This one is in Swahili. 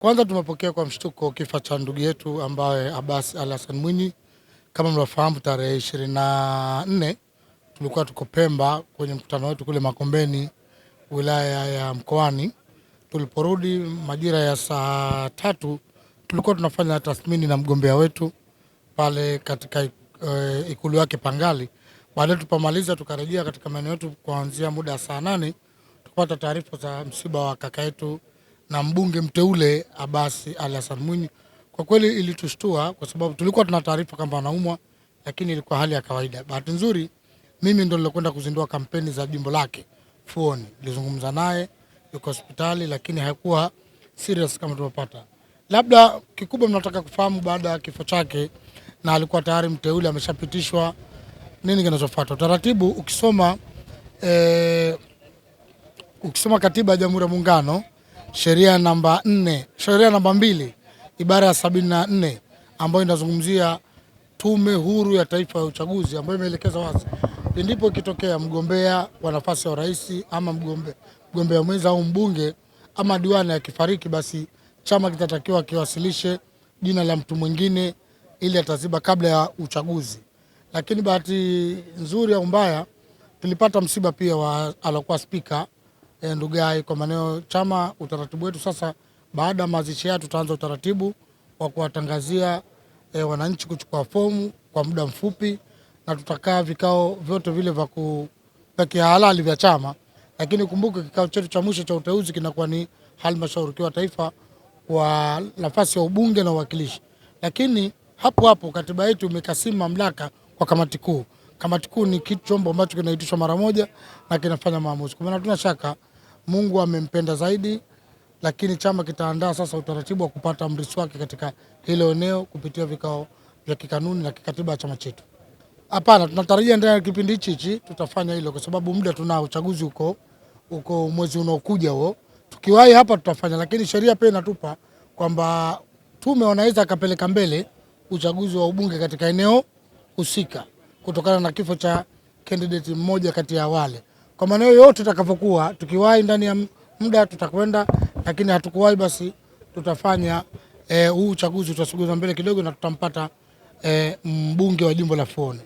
Kwanza tumepokea kwa mshtuko kifo cha ndugu yetu ambaye Abbas Ali Hassan Mwinyi. Kama mnafahamu, tarehe ishirini na nne tulikuwa tuko Pemba kwenye mkutano wetu kule Makombeni, wilaya ya Mkoani. Tuliporudi majira ya saa tatu tulikuwa tunafanya tathmini na mgombea wetu pale katika uh, ikulu yake Pangali. Baadaye tupamaliza, tukarejea katika maeneo yetu kuanzia muda saa nane tukapata taarifa za msiba wa kaka yetu na mbunge mteule Abbas Ali Hassan Mwinyi. Kwa kweli ilitushtua kwa sababu tulikuwa tuna taarifa kwamba anaumwa, lakini ilikuwa hali ya kawaida. Bahati nzuri mimi ndo nilokwenda kuzindua kampeni za jimbo lake Fuoni, nilizungumza naye, yuko hospitali, lakini haikuwa serious kama tulivyopata. Labda kikubwa mnataka kufahamu baada ya kifo chake, na alikuwa tayari mteule ameshapitishwa, nini kinachofuata? Utaratibu ukisoma, eh, ukisoma katiba ya Jamhuri ya Muungano sheria namba nne, sheria namba mbili ibara ya sabini na nne ambayo inazungumzia Tume Huru ya Taifa ya Uchaguzi ambayo imeelekeza wazi pindipo ikitokea mgombea wa nafasi ya urais ama mgombea mgombea mwenza au mbunge ama diwani akifariki, basi chama kitatakiwa kiwasilishe jina la mtu mwingine ili ataziba kabla ya uchaguzi. Lakini bahati nzuri au mbaya tulipata msiba pia wa alokuwa spika e, eh, Ndugai kwa maneno chama. Utaratibu wetu sasa, baada ya mazishi haya, tutaanza utaratibu wa kuwatangazia eh, wananchi kuchukua fomu kwa muda mfupi, na tutakaa vikao vyote vile vya kupekea halali vya chama, lakini kumbuke kikao chetu cha mwisho cha uteuzi kinakuwa ni halmashauri kuu ya taifa kwa nafasi ya ubunge na uwakilishi, lakini hapo hapo katiba yetu imekasimu mamlaka kwa kamati kuu. Kamati kuu ni kitu chombo ambacho kinaitishwa mara moja na kinafanya maamuzi. Kwa maana tuna shaka Mungu amempenda zaidi, lakini chama kitaandaa sasa utaratibu wa kupata mrithi wake katika hilo eneo kupitia vikao vya kikanuni na kikatiba ya chama chetu. Hapana, tunatarajia ndani ya kipindi hichi hichi tutafanya hilo, kwa sababu muda tunao, uchaguzi uko uko mwezi unaokuja huo. Tukiwahi hapa tutafanya, lakini sheria pia inatupa kwamba tume wanaweza akapeleka mbele uchaguzi wa ubunge katika eneo husika kutokana na kifo cha candidate mmoja kati ya wale. Kwa maana yote tutakapokuwa tukiwahi ndani ya muda tutakwenda, lakini hatukuwahi basi tutafanya eh, huu e, uchaguzi utasuguza mbele kidogo na tutampata e, mbunge wa jimbo la Fuoni.